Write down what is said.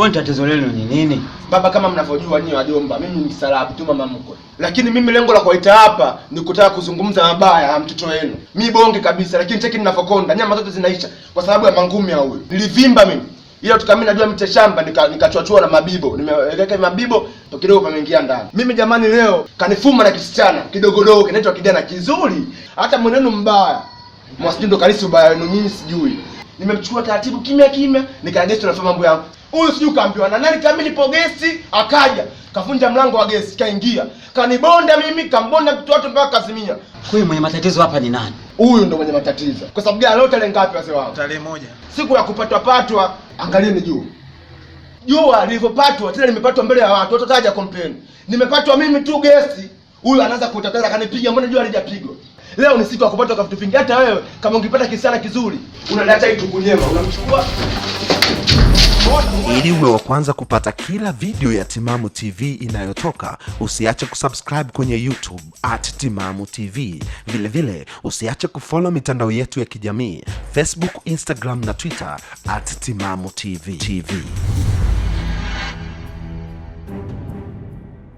Kwani tatizo lenu ni nini? Baba, kama mnavyojua nyinyi wajomba, mimi ni msalabu tu mama mkwe, lakini mimi lengo la kuwaita hapa ni kutaka kuzungumza mabaya ya mtoto wenu. Mi bonge kabisa, lakini cheki ninavyokonda, nyama zote zinaisha kwa sababu ya mangumi ya huyu. Nilivimba mimi ila tukami najua mte shamba nikachuachua nika na mabibo nimeweka mabibo to kidogo pameingia ndani. Mimi jamani, leo kanifuma na kisichana kidogodogo kinaitwa kijana kizuri, hata mwenenu mbaya mwasindo kalisi ubaya wenu nyinyi sijui nimemchukua taratibu kimya kimya, nikaa gesti, tunafanya mambo yangu. Huyu sijui kaambiwa na nani, kama nilipo gesti, akaja kafunja mlango wa gesti, kaingia kanibonda mimi, kambonda mtu wote mpaka kazimia. Kwa mwenye matatizo hapa ni nani? Huyu ndo mwenye matatizo. Kwa sababu gani? Leo tarehe ngapi wazee wangu? Tarehe moja, siku ya kupatwa patwa. angalia ni juu jua nilivyopatwa, tena nimepatwa mbele ya watu, watu wataja complain. Nimepatwa mimi tu gesti, huyu anaanza kuteteza, kanipiga, mbona jua halijapigwa Leo ni siku ya kupata kwa vitu vingi. Hata wewe kama ungepata kisana kizuri, unadata nyema, unamchukua ili uwe wa kwanza kupata kila video ya Timamu TV inayotoka, usiache kusubscribe kwenye YouTube at Timamu TV. Vilevile usiache kufollow mitandao yetu ya kijamii Facebook, Instagram na Twitter at Timamu TV TV.